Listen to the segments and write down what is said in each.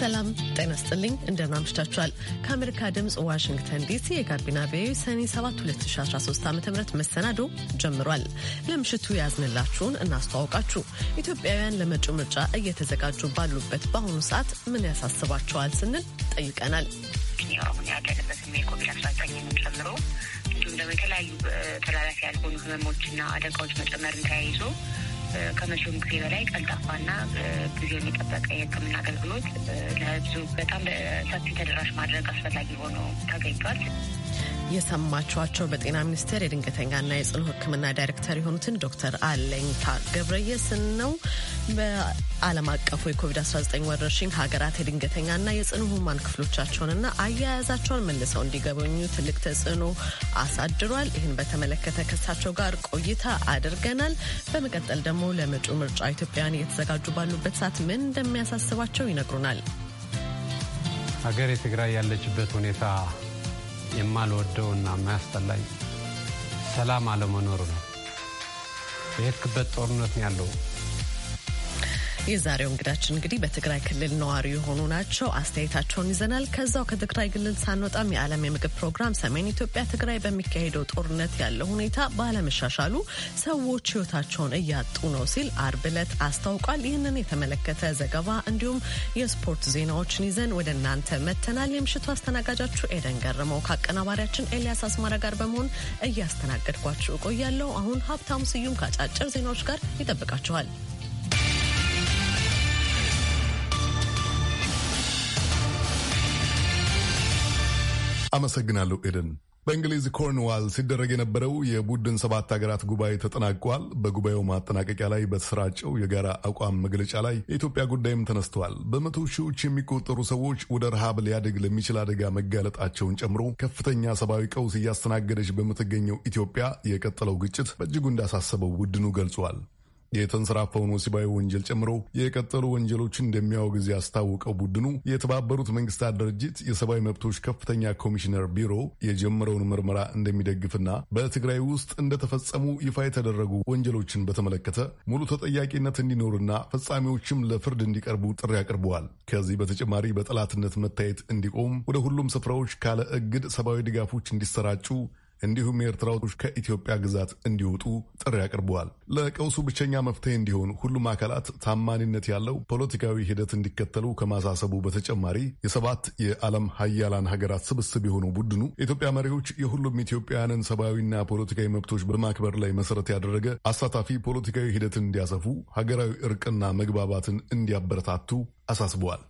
ሰላም ጤና ስጥልኝ። እንደምን አምሽታችኋል። ከአሜሪካ ድምፅ ዋሽንግተን ዲሲ የጋቢና ቪኦኤ ሰኔ 7 2013 ዓ ም መሰናዶ ጀምሯል። ለምሽቱ ያዝንላችሁን እናስተዋውቃችሁ። ኢትዮጵያውያን ለመጪው ምርጫ እየተዘጋጁ ባሉበት በአሁኑ ሰዓት ምን ያሳስባቸዋል ስንል ጠይቀናል። የኦሮሚያ ያለበትም የኮቪድ 19 ጨምሮ እንዲሁም ደግሞ የተለያዩ ተላላፊ ያልሆኑ ህመሞችና አደጋዎች መጨመርን ተያይዞ ከመቼውም ጊዜ በላይ ቀልጣፋና ጊዜ የሚጠበቀ የሕክምና አገልግሎት ለህዝቡ በጣም ሰፊ ተደራሽ ማድረግ አስፈላጊ ሆኖ ተገኝቷል። የሰማችኋቸው በጤና ሚኒስቴር የድንገተኛና የጽኑ ሕክምና ዳይሬክተር የሆኑትን ዶክተር አለኝታ ገብረየስን ነው። በዓለም አቀፉ የኮቪድ-19 ወረርሽኝ ሀገራት የድንገተኛና የጽኑ ህሙማን ክፍሎቻቸውንና አያያዛቸውን መልሰው እንዲገበኙ ትልቅ ተጽዕኖ አሳድሯል። ይህን በተመለከተ ከሳቸው ጋር ቆይታ አድርገናል። በመቀጠል ደግሞ ለመጪው ምርጫ ኢትዮጵያን እየተዘጋጁ ባሉበት ሰዓት ምን እንደሚያሳስባቸው ይነግሩናል። ሀገር የትግራይ ያለችበት ሁኔታ የማልወደውና የማያስጠላኝ ሰላም አለመኖር ነው። በየትክበት ጦርነት ነው ያለው። የዛሬው እንግዳችን እንግዲህ በትግራይ ክልል ነዋሪ የሆኑ ናቸው። አስተያየታቸውን ይዘናል። ከዛው ከትግራይ ክልል ሳንወጣም የዓለም የምግብ ፕሮግራም ሰሜን ኢትዮጵያ ትግራይ በሚካሄደው ጦርነት ያለው ሁኔታ ባለመሻሻሉ ሰዎች ሕይወታቸውን እያጡ ነው ሲል አርብ ዕለት አስታውቋል። ይህንን የተመለከተ ዘገባ እንዲሁም የስፖርት ዜናዎችን ይዘን ወደ እናንተ መተናል። የምሽቱ አስተናጋጃችሁ ኤደን ገረመው ከአቀናባሪያችን ኤልያስ አስማራ ጋር በመሆን እያስተናገድኳችሁ እቆያለሁ። አሁን ሀብታሙ ስዩም ከአጫጭር ዜናዎች ጋር ይጠብቃችኋል። አመሰግናለሁ ኤደን። በእንግሊዝ ኮርንዋል ሲደረግ የነበረው የቡድን ሰባት ሀገራት ጉባኤ ተጠናቋል። በጉባኤው ማጠናቀቂያ ላይ በተሰራጨው የጋራ አቋም መግለጫ ላይ የኢትዮጵያ ጉዳይም ተነስተዋል። በመቶ ሺዎች የሚቆጠሩ ሰዎች ወደ ረሃብ ሊያድግ ለሚችል አደጋ መጋለጣቸውን ጨምሮ ከፍተኛ ሰብአዊ ቀውስ እያስተናገደች በምትገኘው ኢትዮጵያ የቀጠለው ግጭት በእጅጉ እንዳሳሰበው ቡድኑ ገልጿል። የተንሰራፈውን ወሲባዊ ወንጀል ጨምሮ የቀጠሉ ወንጀሎችን እንደሚያወግዝ ያስታወቀው ቡድኑ የተባበሩት መንግስታት ድርጅት የሰብአዊ መብቶች ከፍተኛ ኮሚሽነር ቢሮ የጀመረውን ምርመራ እንደሚደግፍና በትግራይ ውስጥ እንደተፈጸሙ ይፋ የተደረጉ ወንጀሎችን በተመለከተ ሙሉ ተጠያቂነት እንዲኖርና ፈጻሚዎችም ለፍርድ እንዲቀርቡ ጥሪ አቅርበዋል። ከዚህ በተጨማሪ በጠላትነት መታየት እንዲቆም ወደ ሁሉም ስፍራዎች ካለ እግድ ሰብአዊ ድጋፎች እንዲሰራጩ እንዲሁም ኤርትራዎች ከኢትዮጵያ ግዛት እንዲወጡ ጥሪ አቅርበዋል። ለቀውሱ ብቸኛ መፍትሄ እንዲሆን ሁሉም አካላት ታማኒነት ያለው ፖለቲካዊ ሂደት እንዲከተሉ ከማሳሰቡ በተጨማሪ የሰባት የዓለም ሀያላን ሀገራት ስብስብ የሆነው ቡድኑ የኢትዮጵያ መሪዎች የሁሉም ኢትዮጵያውያንን ሰብአዊና ፖለቲካዊ መብቶች በማክበር ላይ መሰረት ያደረገ አሳታፊ ፖለቲካዊ ሂደትን እንዲያሰፉ፣ ሀገራዊ እርቅና መግባባትን እንዲያበረታቱ አሳስበዋል።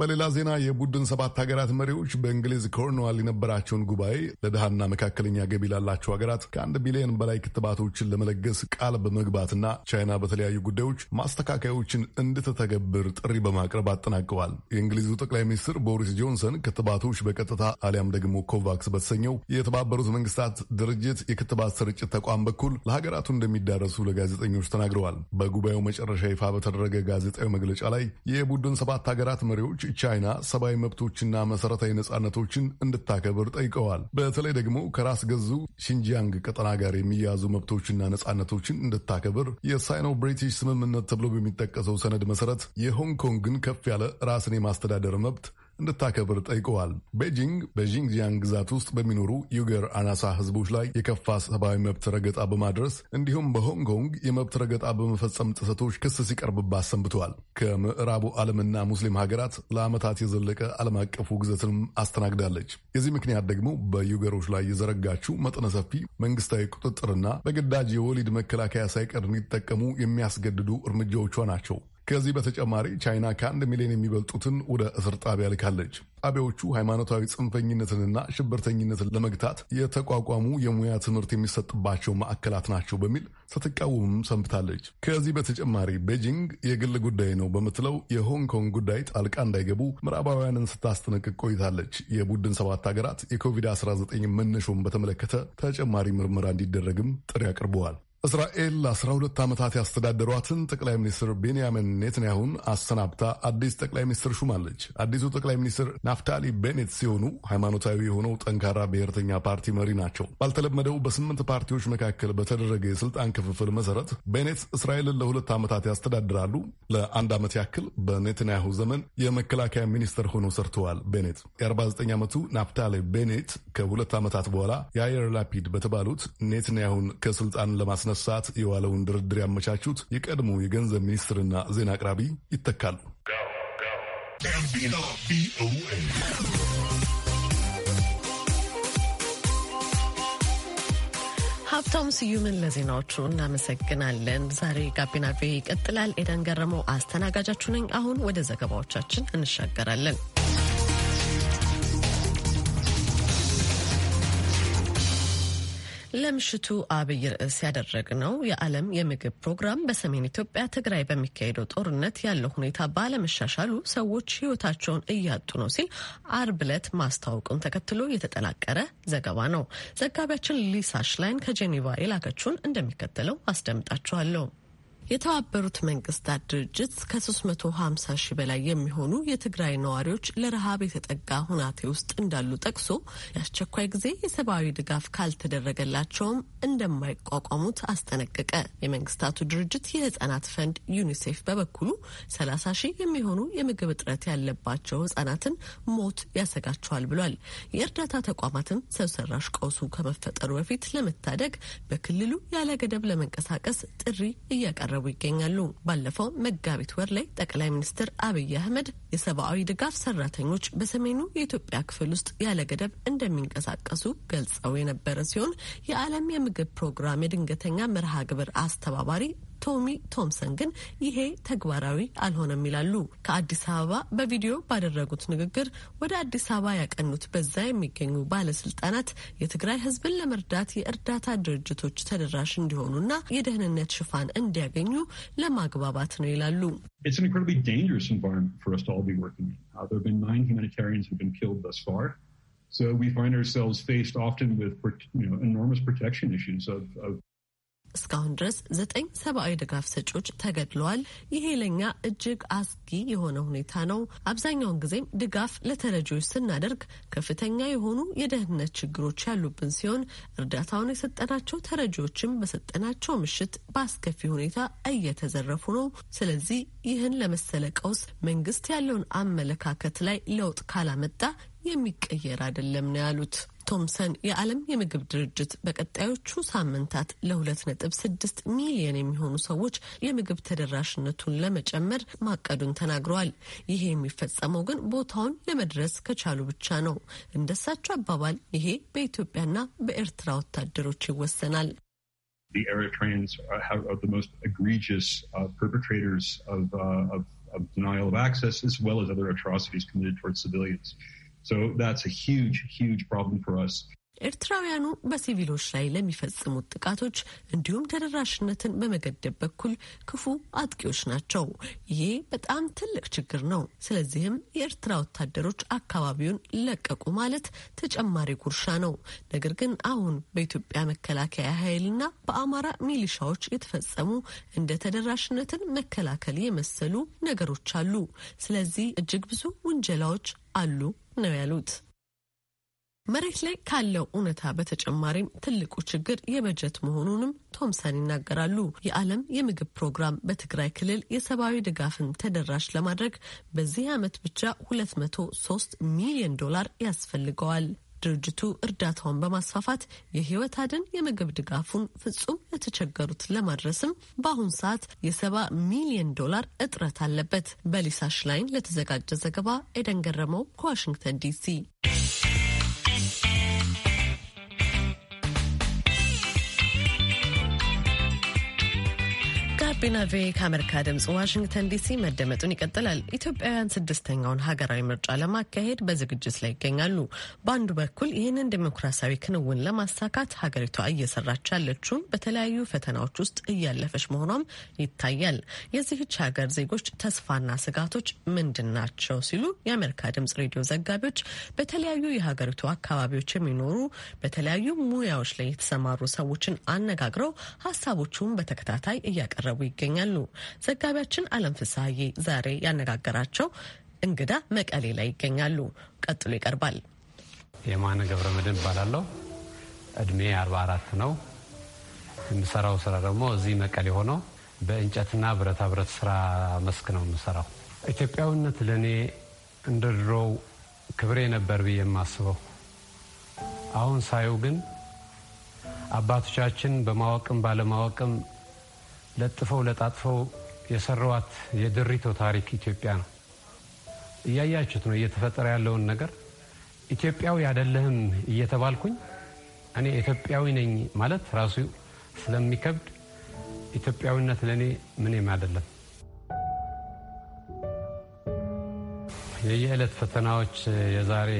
በሌላ ዜና የቡድን ሰባት ሀገራት መሪዎች በእንግሊዝ ኮርንዋል የነበራቸውን ጉባኤ ለድሃና መካከለኛ ገቢ ላላቸው ሀገራት ከአንድ ቢሊዮን በላይ ክትባቶችን ለመለገስ ቃል በመግባትና ቻይና በተለያዩ ጉዳዮች ማስተካከያዎችን እንድትተገብር ጥሪ በማቅረብ አጠናቀዋል። የእንግሊዙ ጠቅላይ ሚኒስትር ቦሪስ ጆንሰን ክትባቶች በቀጥታ አሊያም ደግሞ ኮቫክስ በተሰኘው የተባበሩት መንግስታት ድርጅት የክትባት ስርጭት ተቋም በኩል ለሀገራቱ እንደሚዳረሱ ለጋዜጠኞች ተናግረዋል። በጉባኤው መጨረሻ ይፋ በተደረገ ጋዜጣዊ መግለጫ ላይ የቡድን ሰባት ሀገራት መሪዎች ቻይና ሰብአዊ መብቶችና መሰረታዊ ነጻነቶችን እንድታከብር ጠይቀዋል። በተለይ ደግሞ ከራስ ገዙ ሺንጂያንግ ቀጠና ጋር የሚያያዙ መብቶችና ነጻነቶችን እንድታከብር የሳይኖ ብሪቲሽ ስምምነት ተብሎ በሚጠቀሰው ሰነድ መሰረት የሆንግ ኮንግን ከፍ ያለ ራስን የማስተዳደር መብት እንድታከብር ጠይቀዋል። ቤጂንግ በዢንግጂያንግ ግዛት ውስጥ በሚኖሩ ዩገር አናሳ ህዝቦች ላይ የከፋ ሰብአዊ መብት ረገጣ በማድረስ እንዲሁም በሆንግ ኮንግ የመብት ረገጣ በመፈጸም ጥሰቶች ክስ ሲቀርብባት አሰንብተዋል። ከምዕራቡ ዓለምና ሙስሊም ሀገራት ለዓመታት የዘለቀ ዓለም አቀፉ ግዘትንም አስተናግዳለች። የዚህ ምክንያት ደግሞ በዩገሮች ላይ የዘረጋችው መጠነ ሰፊ መንግስታዊ ቁጥጥርና በግዳጅ የወሊድ መከላከያ ሳይቀር እንዲጠቀሙ የሚያስገድዱ እርምጃዎቿ ናቸው። ከዚህ በተጨማሪ ቻይና ከአንድ ሚሊዮን የሚበልጡትን ወደ እስር ጣቢያ ልካለች። ጣቢያዎቹ ሃይማኖታዊ ጽንፈኝነትንና ሽብርተኝነትን ለመግታት የተቋቋሙ የሙያ ትምህርት የሚሰጥባቸው ማዕከላት ናቸው በሚል ስትቃወምም ሰንብታለች። ከዚህ በተጨማሪ ቤጂንግ የግል ጉዳይ ነው በምትለው የሆንግ ኮንግ ጉዳይ ጣልቃ እንዳይገቡ ምዕራባውያንን ስታስጠነቅቅ ቆይታለች። የቡድን ሰባት ሀገራት የኮቪድ-19 መነሾን በተመለከተ ተጨማሪ ምርመራ እንዲደረግም ጥሪ አቅርበዋል። እስራኤል ለአስራ ሁለት ዓመታት ያስተዳደሯትን ጠቅላይ ሚኒስትር ቤንያሚን ኔትንያሁን አሰናብታ አዲስ ጠቅላይ ሚኒስትር ሹማለች። አዲሱ ጠቅላይ ሚኒስትር ናፍታሊ ቤኔት ሲሆኑ ሃይማኖታዊ የሆነው ጠንካራ ብሔርተኛ ፓርቲ መሪ ናቸው። ባልተለመደው በስምንት ፓርቲዎች መካከል በተደረገ የስልጣን ክፍፍል መሰረት ቤኔት እስራኤልን ለሁለት ዓመታት ያስተዳድራሉ። ለአንድ ዓመት ያክል በኔትንያሁ ዘመን የመከላከያ ሚኒስትር ሆነው ሰርተዋል። ቤኔት የ49 ዓመቱ ናፍታሊ ቤኔት ከሁለት ዓመታት በኋላ የአየር ላፒድ በተባሉት ኔትንያሁን ከስልጣን ለማስነ ጽህፈት ሰዓት የዋለውን ድርድር ያመቻቹት የቀድሞ የገንዘብ ሚኒስትርና ዜና አቅራቢ ይተካሉ። ሀብታሙ ስዩምን ለዜናዎቹ እናመሰግናለን። ዛሬ ጋቢና ቪኦኤ ይቀጥላል። ኤደን ገረመው አስተናጋጃችሁ ነኝ። አሁን ወደ ዘገባዎቻችን እንሻገራለን። ለምሽቱ አብይ ርዕስ ያደረግ ነው የዓለም የምግብ ፕሮግራም በሰሜን ኢትዮጵያ ትግራይ በሚካሄደው ጦርነት ያለው ሁኔታ ባለመሻሻሉ ሰዎች ሕይወታቸውን እያጡ ነው ሲል አርብ ዕለት ማስታወቁን ተከትሎ የተጠናቀረ ዘገባ ነው። ዘጋቢያችን ሊሳ ሽላይን ከጄኔቫ የላከችውን እንደሚከተለው አስደምጣችኋለሁ። የተባበሩት መንግስታት ድርጅት ከ350 ሺህ በላይ የሚሆኑ የትግራይ ነዋሪዎች ለረሃብ የተጠጋ ሁናቴ ውስጥ እንዳሉ ጠቅሶ የአስቸኳይ ጊዜ የሰብአዊ ድጋፍ ካልተደረገላቸውም እንደማይቋቋሙት አስጠነቀቀ። የመንግስታቱ ድርጅት የህጻናት ፈንድ ዩኒሴፍ በበኩሉ 30 ሺህ የሚሆኑ የምግብ እጥረት ያለባቸው ህጻናትን ሞት ያሰጋቸዋል ብሏል። የእርዳታ ተቋማትም ሰው ሰራሽ ቀውሱ ከመፈጠሩ በፊት ለመታደግ በክልሉ ያለ ገደብ ለመንቀሳቀስ ጥሪ እያቀረቡ ይገኛሉ። ባለፈው መጋቢት ወር ላይ ጠቅላይ ሚኒስትር አብይ አህመድ የሰብአዊ ድጋፍ ሰራተኞች በሰሜኑ የኢትዮጵያ ክፍል ውስጥ ያለ ገደብ እንደሚንቀሳቀሱ ገልጸው የነበረ ሲሆን የዓለም የምግብ ፕሮግራም የድንገተኛ መርሃ ግብር አስተባባሪ ቶሚ ቶምሰን ግን ይሄ ተግባራዊ አልሆነም ይላሉ። ከአዲስ አበባ በቪዲዮ ባደረጉት ንግግር ወደ አዲስ አበባ ያቀኑት በዛ የሚገኙ ባለስልጣናት የትግራይ ሕዝብን ለመርዳት የእርዳታ ድርጅቶች ተደራሽ እንዲሆኑና የደህንነት ሽፋን እንዲያገኙ ለማግባባት ነው ይላሉ። It's an So we find ourselves faced often with you know, enormous protection issues of, of እስካሁን ድረስ ዘጠኝ ሰብአዊ ድጋፍ ሰጪዎች ተገድለዋል። ይሄ ለኛ እጅግ አስጊ የሆነ ሁኔታ ነው። አብዛኛውን ጊዜም ድጋፍ ለተረጂዎች ስናደርግ ከፍተኛ የሆኑ የደህንነት ችግሮች ያሉብን ሲሆን እርዳታውን የሰጠናቸው ተረጂዎችም በሰጠናቸው ምሽት በአስከፊ ሁኔታ እየተዘረፉ ነው። ስለዚህ ይህን ለመሰለ ቀውስ መንግስት ያለውን አመለካከት ላይ ለውጥ ካላመጣ የሚቀየር አይደለም ነው ያሉት። ቶምሰን የዓለም የምግብ ድርጅት በቀጣዮቹ ሳምንታት ለ2.6 ሚሊዮን የሚሆኑ ሰዎች የምግብ ተደራሽነቱን ለመጨመር ማቀዱን ተናግረዋል። ይሄ የሚፈጸመው ግን ቦታውን ለመድረስ ከቻሉ ብቻ ነው። እንደሳቸው አባባል ይሄ በኢትዮጵያና በኤርትራ ወታደሮች ይወሰናል። The Eritreans are the most egregious uh, perpetrators of, uh, of, of denial of access, as well as other atrocities committed towards civilians. So that's a huge, huge problem for us. ኤርትራውያኑ በሲቪሎች ላይ ለሚፈጽሙት ጥቃቶች እንዲሁም ተደራሽነትን በመገደብ በኩል ክፉ አጥቂዎች ናቸው። ይሄ በጣም ትልቅ ችግር ነው። ስለዚህም የኤርትራ ወታደሮች አካባቢውን ለቀቁ ማለት ተጨማሪ ጉርሻ ነው። ነገር ግን አሁን በኢትዮጵያ መከላከያ ኃይልና በአማራ ሚሊሻዎች የተፈጸሙ እንደ ተደራሽነትን መከላከል የመሰሉ ነገሮች አሉ። ስለዚህ እጅግ ብዙ ውንጀላዎች አሉ ነው ያሉት። መሬት ላይ ካለው እውነታ በተጨማሪም ትልቁ ችግር የበጀት መሆኑንም ቶምሰን ይናገራሉ። የዓለም የምግብ ፕሮግራም በትግራይ ክልል የሰብአዊ ድጋፍን ተደራሽ ለማድረግ በዚህ ዓመት ብቻ 203 ሚሊዮን ዶላር ያስፈልገዋል። ድርጅቱ እርዳታውን በማስፋፋት የህይወት አድን የምግብ ድጋፉን ፍጹም ለተቸገሩት ለማድረስም በአሁን ሰዓት የሰባ ሚሊዮን ዶላር እጥረት አለበት። በሊሳ ሽላይን ለተዘጋጀ ዘገባ ኤደን ገረመው ከዋሽንግተን ዲሲ ጋቢና ቪኦኤ ከአሜሪካ ድምጽ ዋሽንግተን ዲሲ መደመጡን ይቀጥላል። ኢትዮጵያውያን ስድስተኛውን ሀገራዊ ምርጫ ለማካሄድ በዝግጅት ላይ ይገኛሉ። በአንዱ በኩል ይህንን ዴሞክራሲያዊ ክንውን ለማሳካት ሀገሪቷ እየሰራች ያለችውን በተለያዩ ፈተናዎች ውስጥ እያለፈች መሆኗም ይታያል። የዚህች ሀገር ዜጎች ተስፋና ስጋቶች ምንድን ናቸው ሲሉ የአሜሪካ ድምፅ ሬዲዮ ዘጋቢዎች በተለያዩ የሀገሪቱ አካባቢዎች የሚኖሩ በተለያዩ ሙያዎች ላይ የተሰማሩ ሰዎችን አነጋግረው ሀሳቦቹን በተከታታይ እያቀረቡ ይገኛሉ። ዘጋቢያችን አለም ፍስሀዬ ዛሬ ያነጋገራቸው እንግዳ መቀሌ ላይ ይገኛሉ። ቀጥሎ ይቀርባል። የማነ ገብረ መድን እባላለሁ። እድሜ 44 ነው። የምሰራው ስራ ደግሞ እዚህ መቀሌ ሆነው በእንጨትና ብረታ ብረት ስራ መስክ ነው የምሰራው። ኢትዮጵያዊነት ለእኔ እንደ ድሮው ክብሬ ነበር ብዬ የማስበው አሁን ሳየው ግን አባቶቻችን በማወቅም ባለማወቅም ለጥፈው ለጣጥፈው የሰራዋት የድሪቶ ታሪክ ኢትዮጵያ ነው። እያያችሁት ነው እየተፈጠረ ያለውን ነገር። ኢትዮጵያዊ አይደለህም እየተባልኩኝ እኔ ኢትዮጵያዊ ነኝ ማለት ራሱ ስለሚከብድ ኢትዮጵያዊነት ለእኔ ምንም አይደለም። የየዕለት ፈተናዎች የዛሬ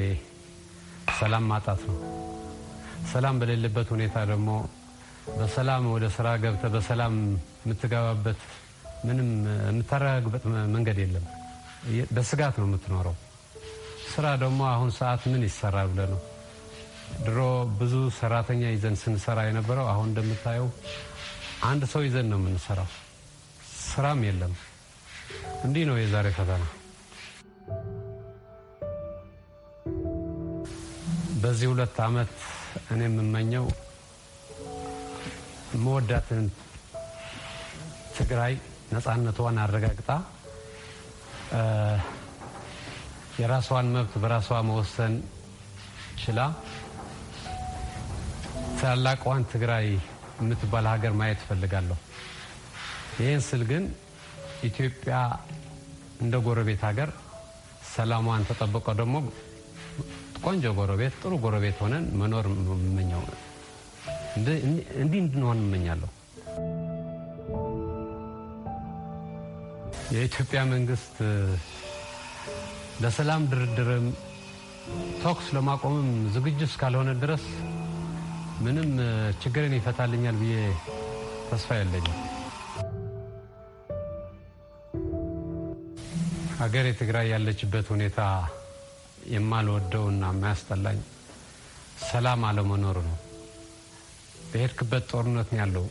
ሰላም ማጣት ነው። ሰላም በሌለበት ሁኔታ ደግሞ በሰላም ወደ ስራ ገብተ በሰላም የምትገባበት ምንም የምታረጋግበት መንገድ የለም። በስጋት ነው የምትኖረው። ስራ ደግሞ አሁን ሰዓት ምን ይሰራ ብለህ ነው። ድሮ ብዙ ሰራተኛ ይዘን ስንሰራ የነበረው አሁን እንደምታየው አንድ ሰው ይዘን ነው የምንሰራው። ስራም የለም። እንዲህ ነው የዛሬ ፈተና። በዚህ ሁለት ዓመት እኔ የምመኘው መወዳትን ትግራይ ነፃነቷን አረጋግጣ የራሷን መብት በራሷ መወሰን ችላ ታላቋን ትግራይ የምትባል ሀገር ማየት እፈልጋለሁ። ይህን ስል ግን ኢትዮጵያ እንደ ጎረቤት ሀገር ሰላሟን ተጠብቆ ደግሞ ቆንጆ ጎረቤት፣ ጥሩ ጎረቤት ሆነን መኖር የምመኘው እንዲህ እንድንሆን እመኛለሁ። የኢትዮጵያ መንግስት ለሰላም ድርድርም ተኩስ ለማቆምም ዝግጁ እስካልሆነ ድረስ ምንም ችግርን ይፈታልኛል ብዬ ተስፋ የለኝም። ሀገር የትግራይ ያለችበት ሁኔታ የማልወደውና የማያስጠላኝ ሰላም አለመኖር ነው። በሄድክበት ጦርነት ያለው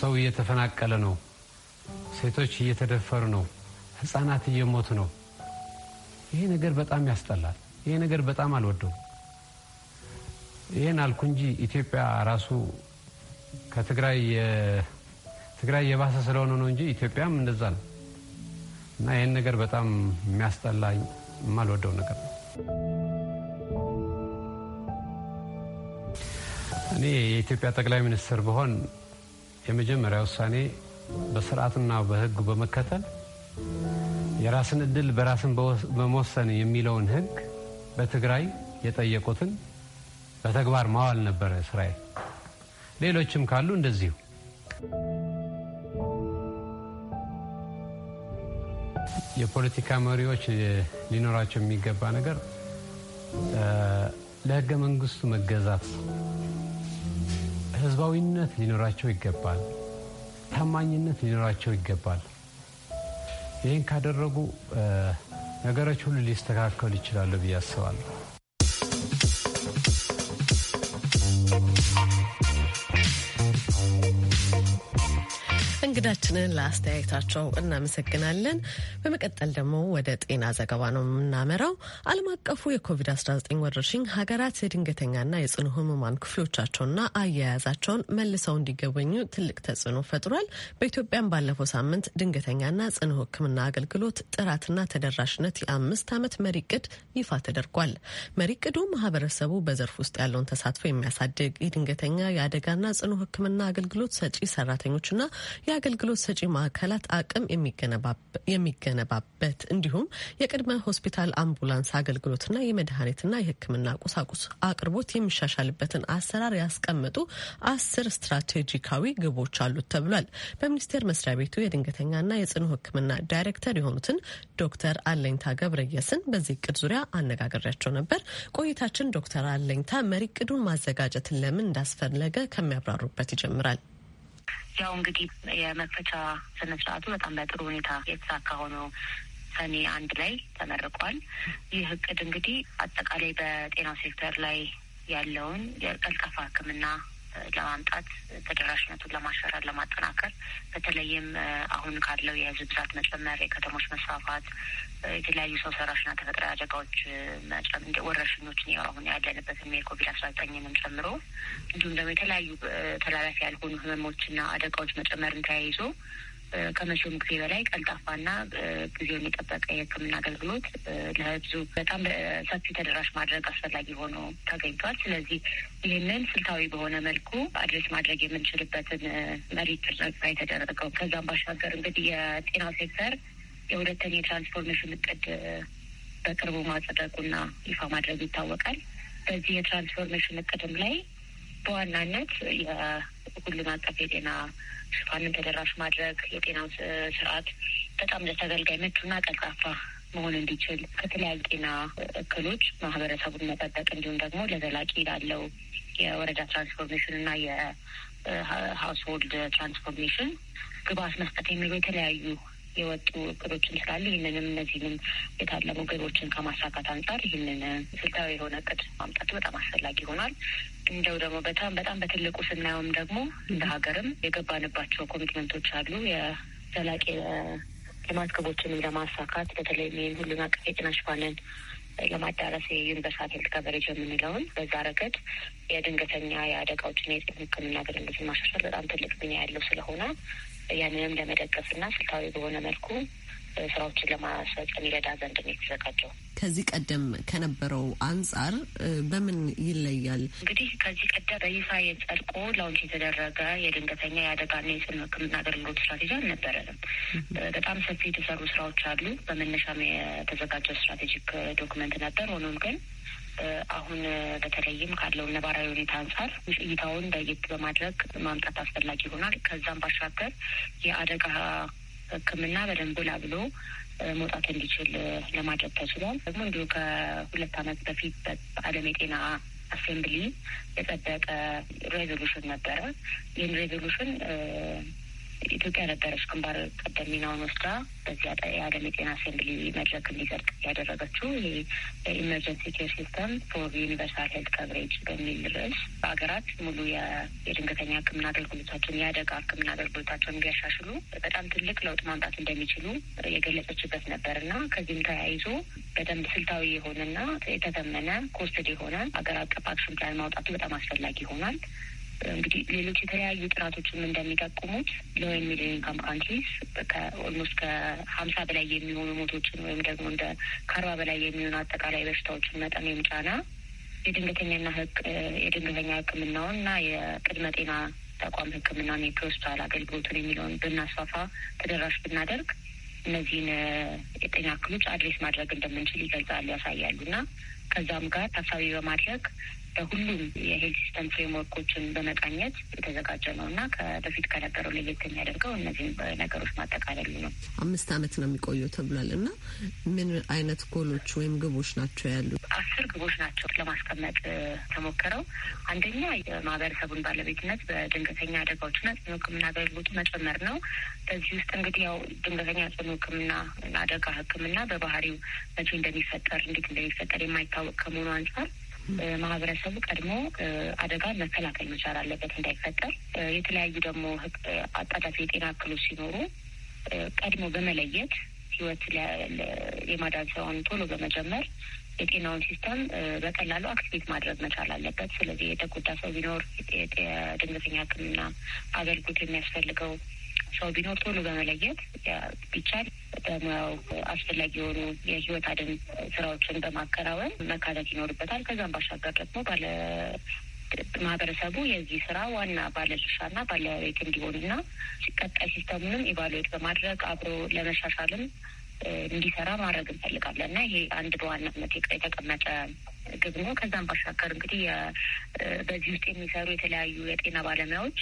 ሰው እየተፈናቀለ ነው። ሴቶች እየተደፈሩ ነው፣ ህፃናት እየሞቱ ነው። ይሄ ነገር በጣም ያስጠላል። ይሄ ነገር በጣም አልወደው። ይህን አልኩ እንጂ ኢትዮጵያ ራሱ ከትግራይ ትግራይ የባሰ ስለሆነ ነው እንጂ ኢትዮጵያም እንደዛ ነው እና ይህን ነገር በጣም የሚያስጠላኝ የማልወደው ነገር ነው። እኔ የኢትዮጵያ ጠቅላይ ሚኒስትር ብሆን የመጀመሪያ ውሳኔ በስርዓትና በህግ በመከተል የራስን እድል በራስን በመወሰን የሚለውን ህግ በትግራይ የጠየቁትን በተግባር ማዋል ነበረ ስራዬ። ሌሎችም ካሉ እንደዚሁ የፖለቲካ መሪዎች ሊኖራቸው የሚገባ ነገር ለህገ መንግስቱ መገዛት፣ ህዝባዊነት ሊኖራቸው ይገባል። ታማኝነት ሊኖራቸው ይገባል። ይህን ካደረጉ ነገሮች ሁሉ ሊስተካከሉ ይችላሉ ብዬ አስባለሁ። እንግዳችንን ለአስተያየታቸው እናመሰግናለን። በመቀጠል ደግሞ ወደ ጤና ዘገባ ነው የምናመራው። ዓለም አቀፉ የኮቪድ-19 ወረርሽኝ ሀገራት የድንገተኛና የጽኑ ህሙማን ክፍሎቻቸውና አያያዛቸውን መልሰው እንዲገበኙ ትልቅ ተጽዕኖ ፈጥሯል። በኢትዮጵያም ባለፈው ሳምንት ድንገተኛና ጽኑ ህክምና አገልግሎት ጥራትና ተደራሽነት የአምስት ዓመት መሪ ቅድ ይፋ ተደርጓል። መሪ ቅዱ ማህበረሰቡ በዘርፍ ውስጥ ያለውን ተሳትፎ የሚያሳድግ የድንገተኛ የአደጋና ጽኑ ህክምና አገልግሎት ሰጪ ሰራተኞችና የአገልግሎት የአገልግሎት ሰጪ ማዕከላት አቅም የሚገነባበት እንዲሁም የቅድመ ሆስፒታል አምቡላንስ አገልግሎትና የመድኃኒትና የሕክምና ቁሳቁስ አቅርቦት የሚሻሻልበትን አሰራር ያስቀመጡ አስር ስትራቴጂካዊ ግቦች አሉት ተብሏል። በሚኒስቴር መስሪያ ቤቱ የድንገተኛና የጽኑ ሕክምና ዳይሬክተር የሆኑትን ዶክተር አለኝታ ገብረየስን በዚህ እቅድ ዙሪያ አነጋግሬያቸው ነበር። ቆይታችን ዶክተር አለኝታ መሪ እቅዱን ማዘጋጀትን ለምን እንዳስፈለገ ከሚያብራሩበት ይጀምራል። ያው እንግዲህ የመክፈቻ ስነ ስርዓቱ በጣም በጥሩ ሁኔታ የተሳካ ሆኖ ሰኔ አንድ ላይ ተመርቋል። ይህ እቅድ እንግዲህ አጠቃላይ በጤና ሴክተር ላይ ያለውን የቀልጠፋ ሕክምና ለማምጣት ተደራሽነቱን ለማሻሻል፣ ለማጠናከር በተለይም አሁን ካለው የህዝብ ብዛት መጨመር፣ የከተሞች መስፋፋት፣ የተለያዩ ሰው ሰራሽና ተፈጥሯዊ አደጋዎች መጨመር፣ ወረርሽኞችን ያው አሁን ያለንበትን የኮቪድ አስራ ዘጠኝንም ጨምሮ እንዲሁም ደግሞ የተለያዩ ተላላፊ ያልሆኑ ህመሞችና አደጋዎች መጨመርን ተያይዞ ከመቼውም ጊዜ በላይ ቀልጣፋና ጊዜውን የጠበቀ የሕክምና አገልግሎት ለህዝቡ በጣም ሰፊ ተደራሽ ማድረግ አስፈላጊ ሆኖ ተገኝቷል። ስለዚህ ይህንን ስልታዊ በሆነ መልኩ አድሬስ ማድረግ የምንችልበትን መሪ ጥረት የተደረገው። ከዛም ባሻገር እንግዲህ የጤና ሴክተር የሁለተኛ የትራንስፎርሜሽን እቅድ በቅርቡ ማጽደቁና ይፋ ማድረግ ይታወቃል። በዚህ የትራንስፎርሜሽን እቅድም ላይ በዋናነት የሁሉን አቀፍ የጤና ሽፋንን ተደራሽ ማድረግ የጤና ስርዓት በጣም ለተገልጋይ ምቹና ቀልጣፋ መሆን እንዲችል ከተለያዩ ጤና እክሎች ማህበረሰቡን መጠበቅ እንዲሁም ደግሞ ለዘላቂ ላለው የወረዳ ትራንስፎርሜሽን እና የሀውስሆልድ ትራንስፎርሜሽን ግብዓት መስጠት የሚሉ የተለያዩ የወጡ እቅዶችን ስላሉ ይህንንም እነዚህንም የታለሙ ግቦችን ከማሳካት አንጻር ይህንን ስልታዊ የሆነ እቅድ ማምጣቱ በጣም አስፈላጊ ይሆናል። እንደው ደግሞ በጣም በጣም በትልቁ ስናየውም ደግሞ እንደ ሀገርም የገባንባቸው ኮሚትመንቶች አሉ የዘላቂ ልማት ግቦችንም ለማሳካት በተለይም ይህን ሁሉን አቀፍ የጤና ሽፋንን ለማዳረስ የዩኒቨርሳል ሄልት የምንለውን በዛ ረገድ የድንገተኛ የአደጋዎችን የጤና ሕክምና አገልግሎትን ማሻሻል በጣም ትልቅ ሚና ያለው ስለሆነ ያንንም ለመደገፍ እና ስልታዊ በሆነ መልኩ ስራዎችን ለማስፈጸም ይረዳ ዘንድ ነው የተዘጋጀው። ከዚህ ቀደም ከነበረው አንጻር በምን ይለያል? እንግዲህ ከዚህ ቀደም በይፋ የጸድቆ ላውንች የተደረገ የድንገተኛ የአደጋና የጽኑ ሕክምና አገልግሎት ስትራቴጂ አልነበረንም። በጣም ሰፊ የተሰሩ ስራዎች አሉ። በመነሻም የተዘጋጀው ስትራቴጂክ ዶክመንት ነበር። ሆኖም ግን አሁን በተለይም ካለው ነባራዊ ሁኔታ አንጻር እይታውን በየት በማድረግ ማምጣት አስፈላጊ ይሆናል። ከዛም ባሻገር የአደጋ ሕክምና በደንብ ላ ብሎ መውጣት እንዲችል ለማድረግ ተችሏል። ደግሞ እንዲሁ ከሁለት ዓመት በፊት በዓለም የጤና አሴምብሊ የጸደቀ ሬዞሉሽን ነበረ። ይህን ሬዞሉሽን ኢትዮጵያ ነበረች ግንባር ቀደም ሚናውን ወስዳ በዚህ የዓለም የጤና አሴምብሊ መድረክ እንዲጸድቅ ያደረገችው ይሄ በኢመርጀንሲ ኬር ሲስተም ፎር ዩኒቨርሳል ሄልት ከቨሬጅ በሚል ርዕስ በሀገራት ሙሉ የድንገተኛ ሕክምና አገልግሎታቸውን የአደጋ ሕክምና አገልግሎታቸውን እንዲያሻሽሉ በጣም ትልቅ ለውጥ ማምጣት እንደሚችሉ የገለጸችበት ነበር እና ከዚህም ተያይዞ በደንብ ስልታዊ የሆነና የተተመነ ኮስትድ የሆነ ሀገር አቀፍ አክሽን ፕላን ማውጣቱ በጣም አስፈላጊ ይሆናል። እንግዲህ ሌሎች የተለያዩ ጥናቶችም እንደሚጠቁሙት ለወይም ሚሊዮን ኢንካም ካንትሪስ ከኦልሞስት ከሀምሳ በላይ የሚሆኑ ሞቶችን ወይም ደግሞ እንደ ከአርባ በላይ የሚሆኑ አጠቃላይ በሽታዎችን መጠን የምጫና የድንገተኛና ህግ የድንገተኛ ህክምናውን እና የቅድመ ጤና ተቋም ህክምናን የፕሮስታል አገልግሎቱን የሚለውን ብናስፋፋ ተደራሽ ብናደርግ እነዚህን የጤና እክሎች አድሬስ ማድረግ እንደምንችል ይገልጻሉ፣ ያሳያሉ እና ከዛም ጋር ታሳቢ በማድረግ በሁሉም የሄግ ሲስተም ፍሬምወርኮችን በመቃኘት የተዘጋጀ ነው እና ከበፊት ከነበረው ለየት የሚያደርገው እነዚህም ነገሮች ማጠቃለሉ ነው። አምስት አመት ነው የሚቆየው ተብሏል እና ምን አይነት ጎሎች ወይም ግቦች ናቸው ያሉት? አስር ግቦች ናቸው ለማስቀመጥ ተሞክረው። አንደኛ የማህበረሰቡን ባለቤትነት በድንገተኛ አደጋዎችና ጽኑ ህክምና አገልግሎት መጨመር ነው። በዚህ ውስጥ እንግዲህ ያው ድንገተኛ ጽኑ ህክምና አደጋ ህክምና በባህሪው መቼ እንደሚፈጠር እንዴት እንደሚፈጠር የማይታወቅ ከመሆኑ አንጻር ማህበረሰቡ ቀድሞ አደጋን መከላከል መቻል አለበት እንዳይፈጠር። የተለያዩ ደግሞ አጣዳፊ የጤና እክሎች ሲኖሩ ቀድሞ በመለየት ህይወት የማዳን ስራውን ቶሎ በመጀመር የጤናውን ሲስተም በቀላሉ አክቲቬት ማድረግ መቻል አለበት። ስለዚህ የተጎዳ ሰው ቢኖር የድንገተኛ ሕክምና አገልግሎት የሚያስፈልገው ሰው ቢኖር ቶሎ በመለየት ቢቻል በሙያው አስፈላጊ የሆኑ የህይወት አድን ስራዎችን በማከናወን መካተት ይኖርበታል። ከዛም ባሻገር ደግሞ ባለ ማህበረሰቡ የዚህ ስራ ዋና ባለድርሻና ባለቤት እንዲሆንና ሲቀጣይ ሲስተሙንም ኢቫሉዌት በማድረግ አብሮ ለመሻሻልም እንዲሰራ ማድረግ እንፈልጋለን እና ይሄ አንድ በዋናነት የተቀመጠ ደግሞ ከዛም ባሻገር እንግዲህ በዚህ ውስጥ የሚሰሩ የተለያዩ የጤና ባለሙያዎች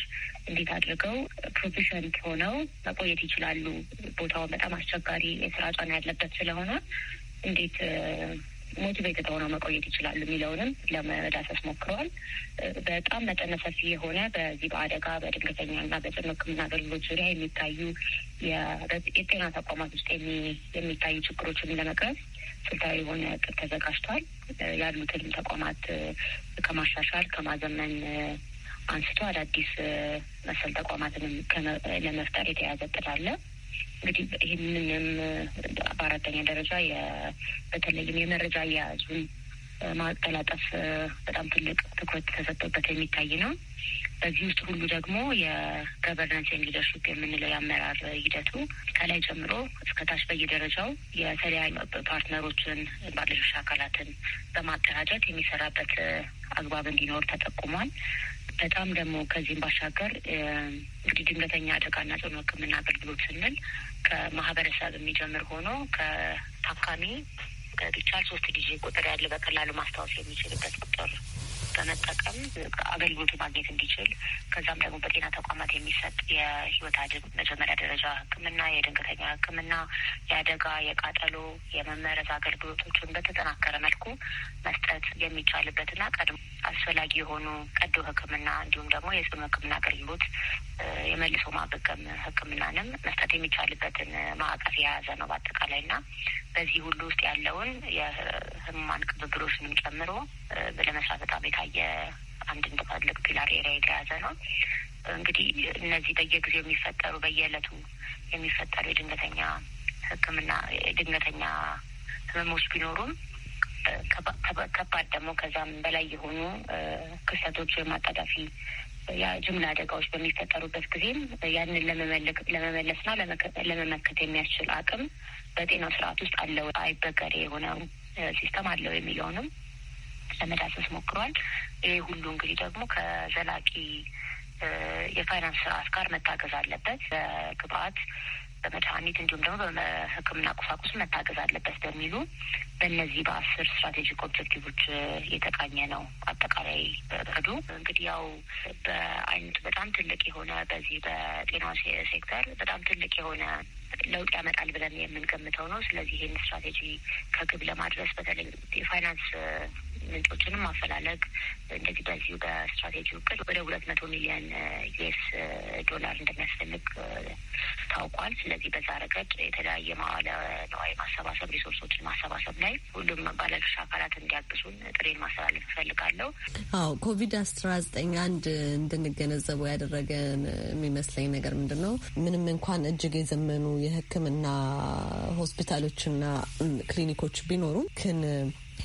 እንዴት አድርገው ፕሮፌሽንት ሆነው መቆየት ይችላሉ? ቦታውን በጣም አስቸጋሪ የስራ ጫና ያለበት ስለሆነ እንዴት ሞቲቬትድ ሆነው መቆየት ይችላሉ የሚለውንም ለመዳሰስ ሞክረዋል። በጣም መጠነ ሰፊ የሆነ በዚህ በአደጋ በድንገተኛና በጽኑ ሕክምና አገልግሎት ዙሪያ የሚታዩ የጤና ተቋማት ውስጥ የሚታዩ ችግሮችን ለመቅረፍ ስልታዊ የሆነ እቅድ ተዘጋጅቷል። ያሉትን ተቋማት ከማሻሻል ከማዘመን አንስቶ አዳዲስ መሰል ተቋማትንም ለመፍጠር የተያዘ እቅድ አለ። እንግዲህ ይህንንም በአራተኛ ደረጃ በተለይም የመረጃ አያያዙን ማቀላጠፍ በጣም ትልቅ ትኩረት ተሰጥቶበት የሚታይ ነው። በዚህ ውስጥ ሁሉ ደግሞ የገቨርናንስ ኤንድ ሊደርሽፕ የምንለው የአመራር ሂደቱ ከላይ ጀምሮ እስከ ታች በየደረጃው የተለያዩ ፓርትነሮችን ባለድርሻ አካላትን በማደራጀት የሚሰራበት አግባብ እንዲኖር ተጠቁሟል። በጣም ደግሞ ከዚህም ባሻገር እንግዲህ ድንገተኛ አደጋና ጽኑ ሕክምና አገልግሎት ስንል ከማህበረሰብ የሚጀምር ሆኖ ከታካሚ ቢቻል ሶስት ዲጂት ቁጥር ያለ በቀላሉ ማስታወስ የሚችልበት ቁጥር በመጠቀም አገልግሎቱ ማግኘት እንዲችል ከዛም ደግሞ በጤና ተቋማት የሚሰጥ የህይወት አድን መጀመሪያ ደረጃ ህክምና የድንገተኛ ህክምና የአደጋ፣ የቃጠሎ፣ የመመረዝ አገልግሎቶችን በተጠናከረ መልኩ መስጠት የሚቻልበትና ቀድሞ አስፈላጊ የሆኑ ቀዶ ህክምና እንዲሁም ደግሞ የጽኑ ህክምና አገልግሎት የመልሶ ማገገም ህክምናንም መስጠት የሚቻልበትን ማዕቀፍ የያዘ ነው በአጠቃላይ እና በዚህ ሁሉ ውስጥ ያለውን የህሙማን ቅብብሎችንም ጨምሮ ለመስራት በጣም የታ የአንድን ትልቅ ፒላር ኤሪያ የተያዘ ነው። እንግዲህ እነዚህ በየጊዜው የሚፈጠሩ በየእለቱ የሚፈጠሩ የድንገተኛ ሕክምና የድንገተኛ ህመሞች ቢኖሩም ከባድ ደግሞ ከዛም በላይ የሆኑ ክስተቶች ወይም አጣዳፊ የጅምላ አደጋዎች በሚፈጠሩበት ጊዜም ያንን ለመመለስና ለመመከት የሚያስችል አቅም በጤናው ስርዓት ውስጥ አለው አይበገሬ የሆነው ሲስተም አለው የሚለውንም ለመዳሰስ ሞክሯል። ይህ ሁሉ እንግዲህ ደግሞ ከዘላቂ የፋይናንስ ስርዓት ጋር መታገዝ አለበት። በግብአት በመድኃኒት እንዲሁም ደግሞ በሕክምና ቁሳቁስ መታገዝ አለበት በሚሉ በእነዚህ በአስር ስትራቴጂክ ኦብጀክቲቮች የተቃኘ ነው። አጠቃላይ እቅዱ እንግዲህ ያው በአይነቱ በጣም ትልቅ የሆነ በዚህ በጤና ሴክተር በጣም ትልቅ የሆነ ለውጥ ያመጣል ብለን የምንገምተው ነው። ስለዚህ ይህን ስትራቴጂ ከግብ ለማድረስ በተለይ የፋይናንስ ምንጮችንም ማፈላለግ እንደዚህ በዚሁ በስትራቴጂ እቅድ ወደ ሁለት መቶ ሚሊዮን ዩኤስ ዶላር እንደሚያስፈልግ ታውቋል። ስለዚህ በዛ ረገድ የተለያየ መዋለ ነዋይ ማሰባሰብ ሪሶርሶችን ማሰባሰብ ላይ ሁሉም ባለድርሻ አካላት እንዲያግሱ ጥሬን ማሰላለፍ እፈልጋለሁ። አዎ ኮቪድ አስራ ዘጠኝ አንድ እንድንገነዘበው ያደረገን የሚመስለኝ ነገር ምንድን ነው? ምንም እንኳን እጅግ የዘመኑ የሕክምና ሆስፒታሎችና ክሊኒኮች ቢኖሩም ግን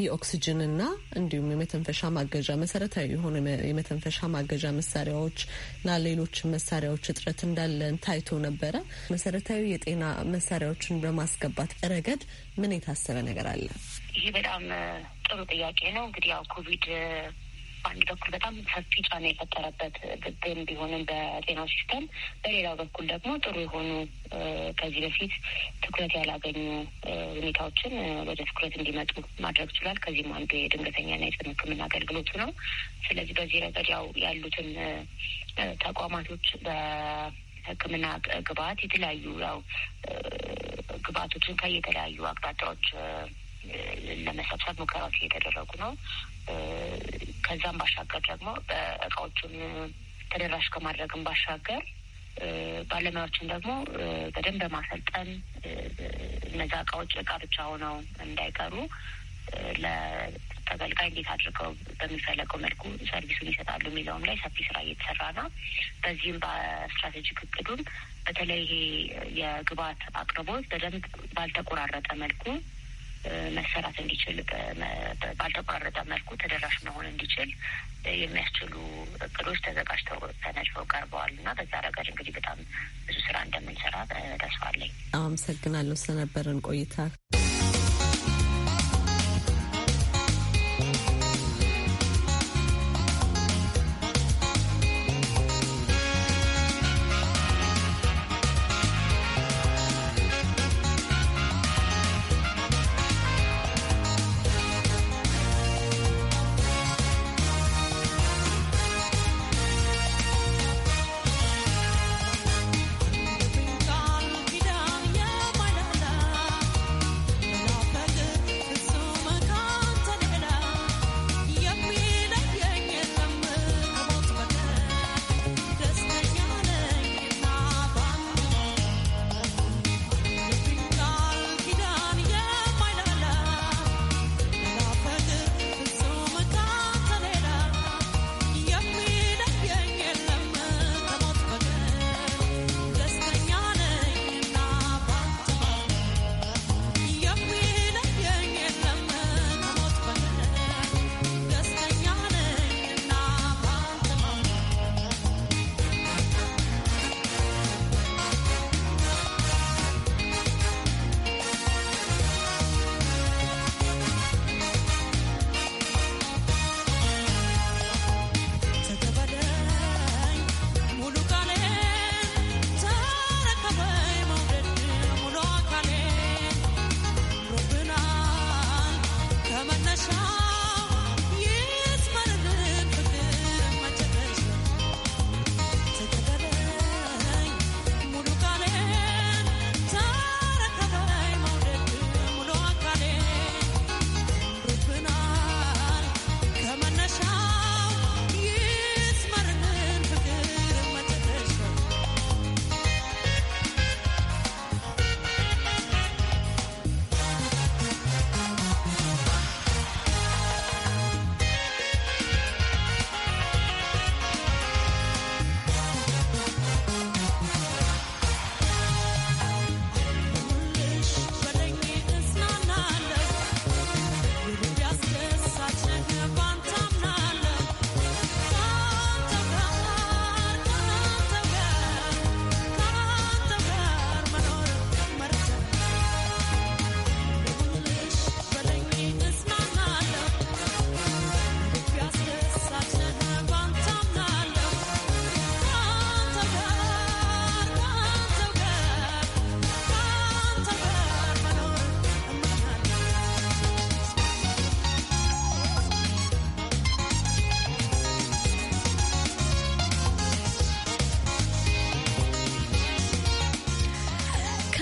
የኦክስጅንና እንዲሁም የመተንፈሻ ማገዣ መሰረታዊ የሆነ የመተንፈሻ ማገዣ መሳሪያዎች ና ሌሎች መሳሪያዎች እጥረት እንዳለን ታይቶ ነበረ። መሰረታዊ የጤና መሳሪያዎችን በማስገባት ረገድ ምን የታሰበ ነገር አለ? ይህ በጣም ጥሩ ጥያቄ ነው። እንግዲህ ያው ኮቪድ በአንድ በኩል በጣም ሰፊ ጫና የፈጠረበት ብድን ቢሆንም በጤናው ሲስተም፣ በሌላው በኩል ደግሞ ጥሩ የሆኑ ከዚህ በፊት ትኩረት ያላገኙ ሁኔታዎችን ወደ ትኩረት እንዲመጡ ማድረግ ይችላል። ከዚህም አንዱ የድንገተኛና የጽኑ ሕክምና አገልግሎቱ ነው። ስለዚህ በዚህ ረገድ ያው ያሉትን ተቋማቶች ሕክምና ግብአት የተለያዩ ያው ግብአቶችን ከየተለያዩ አቅጣጫዎች ለመሰብሰብ ሙከራዎች እየተደረጉ ነው። ከዛም ባሻገር ደግሞ እቃዎቹን ተደራሽ ከማድረግም ባሻገር ባለሙያዎችን ደግሞ በደንብ በማሰልጠን እነዛ እቃዎች እቃ ብቻ ሆነው እንዳይቀሩ ለተገልጋይ እንዴት አድርገው በሚፈለገው መልኩ ሰርቪሱን ይሰጣሉ የሚለውም ላይ ሰፊ ስራ እየተሰራ ነው። በዚህም በስትራቴጂክ እቅዱም በተለይ ይሄ አቅርቦት በደንብ ባልተቆራረጠ መልኩ መሰራት እንዲችል ባልተቋረጠ መልኩ ተደራሽ መሆን እንዲችል የሚያስችሉ እቅዶች ተዘጋጅተው ተነድፈው ቀርበዋል እና በዛ ረገድ እንግዲህ በጣም ብዙ ስራ እንደምንሰራ ተስፋ አለኝ። አመሰግናለሁ ስለነበረን ቆይታ።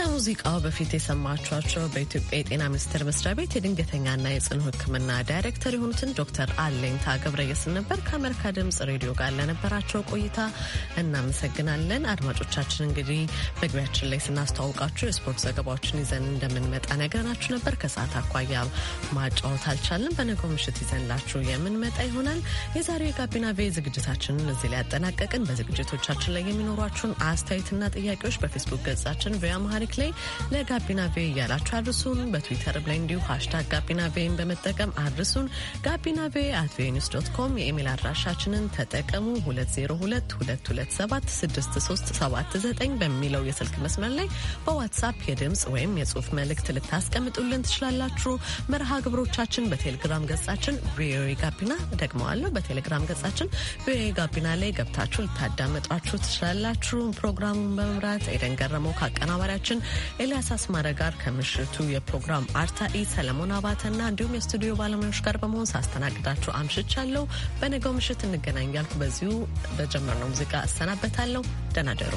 ከሙዚቃው በፊት የሰማችኋቸው በኢትዮጵያ የጤና ሚኒስቴር መስሪያ ቤት የድንገተኛና የጽኑ ሕክምና ዳይሬክተር የሆኑትን ዶክተር አለኝታ ገብረየስን ነበር። ከአሜሪካ ድምጽ ሬዲዮ ጋር ለነበራቸው ቆይታ እናመሰግናለን። አድማጮቻችን እንግዲህ መግቢያችን ላይ ስናስተዋውቃችሁ የስፖርት ዘገባዎችን ይዘን እንደምንመጣ ነግረናችሁ ነበር። ከሰዓት አኳያ ማጫወት አልቻለም። በነገው ምሽት ይዘንላችሁ የምንመጣ ይሆናል። የዛሬው የጋቢና ቪ ዝግጅታችንን እዚህ ላይ ያጠናቀቅን። በዝግጅቶቻችን ላይ የሚኖሯችሁን አስተያየትና ጥያቄዎች በፌስቡክ ገጻችን ቪያ መድረክ ላይ ለጋቢና ቬ እያላችሁ አድርሱን። በትዊተርም ላይ እንዲሁ ሀሽታግ ጋቢና ቬን በመጠቀም አድርሱን። ጋቢና ቪ አት ቪኦኤ ኒውስ ዶት ኮም የኢሜል አድራሻችንን ተጠቀሙ። 2022276379 በሚለው የስልክ መስመር ላይ በዋትሳፕ የድምፅ ወይም የጽሁፍ መልእክት ልታስቀምጡልን ትችላላችሁ። መርሃ ግብሮቻችን በቴሌግራም ገጻችን ቪኦኤ ጋቢና ደግመዋለሁ። በቴሌግራም ገጻችን ቪኦኤ ጋቢና ላይ ገብታችሁ ልታዳመጧችሁ ትችላላችሁ። ፕሮግራሙን በመምራት ኤደን ገረመው ከአቀናባሪያችን ፕሮዲውሰራችን ኤልያስ አስማረ ጋር ከምሽቱ የፕሮግራም አርታኢ ሰለሞን አባተና እንዲሁም የስቱዲዮ ባለሙያዎች ጋር በመሆን ሳስተናግዳችሁ አምሽቻለሁ። በነገው ምሽት እንገናኛልኩ። በዚሁ በጀመርነው ሙዚቃ እሰናበታለሁ። ደህና ደሩ።